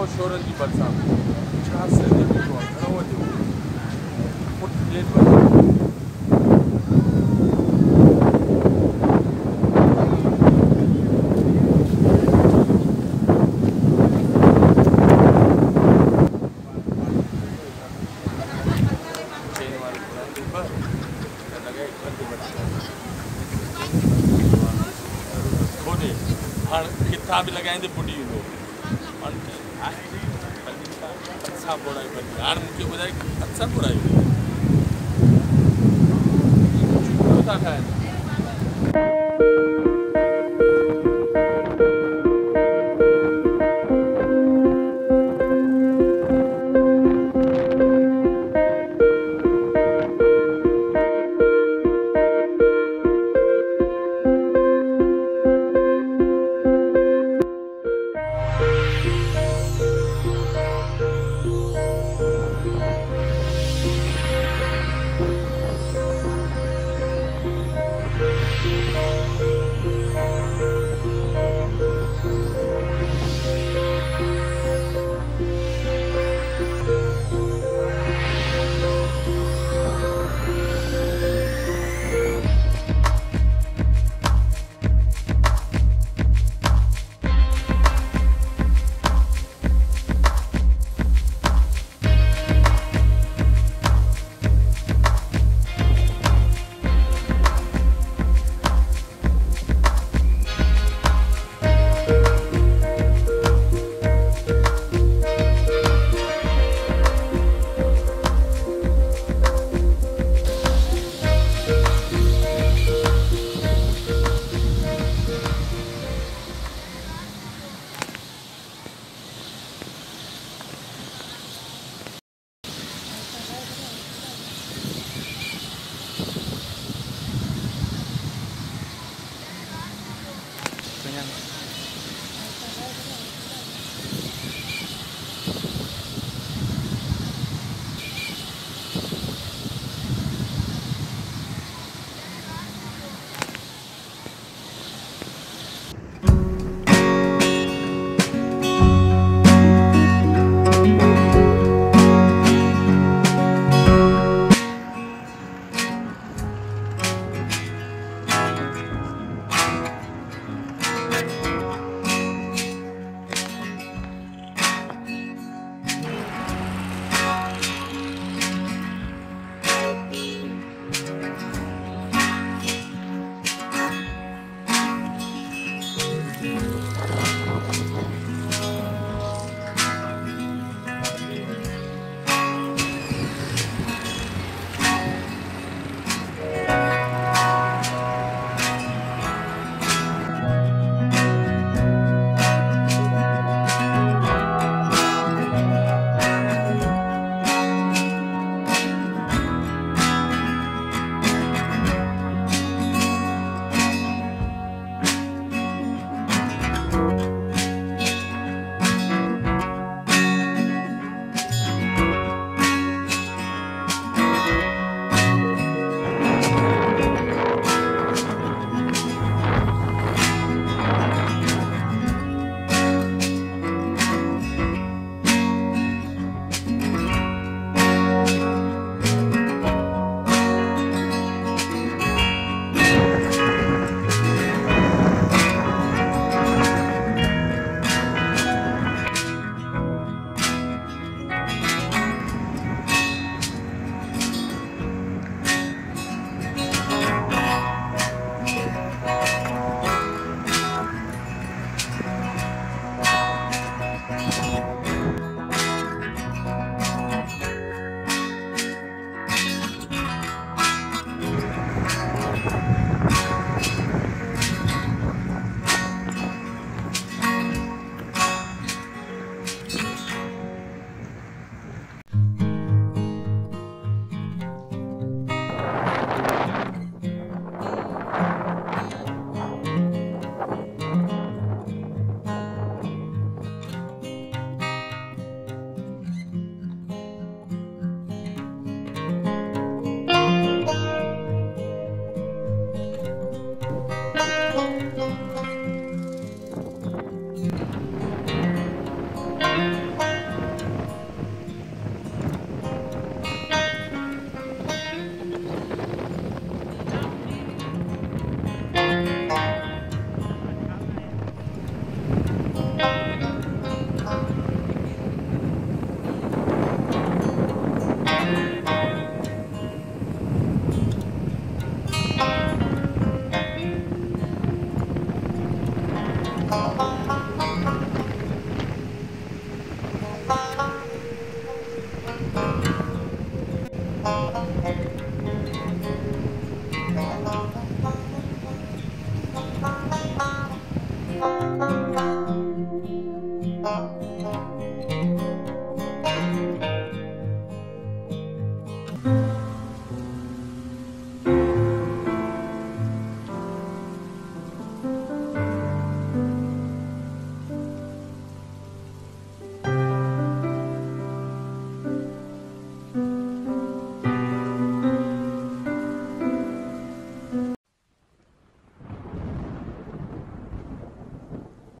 O şorangi balsam. Çağsı ne diyor? Karawa diyor. Kurt bilet var. किथा बि लॻाईंदे पुॾी अच्छा बुराई पर ज्ञान मुख्य बुराई अच्छा बुराई होता है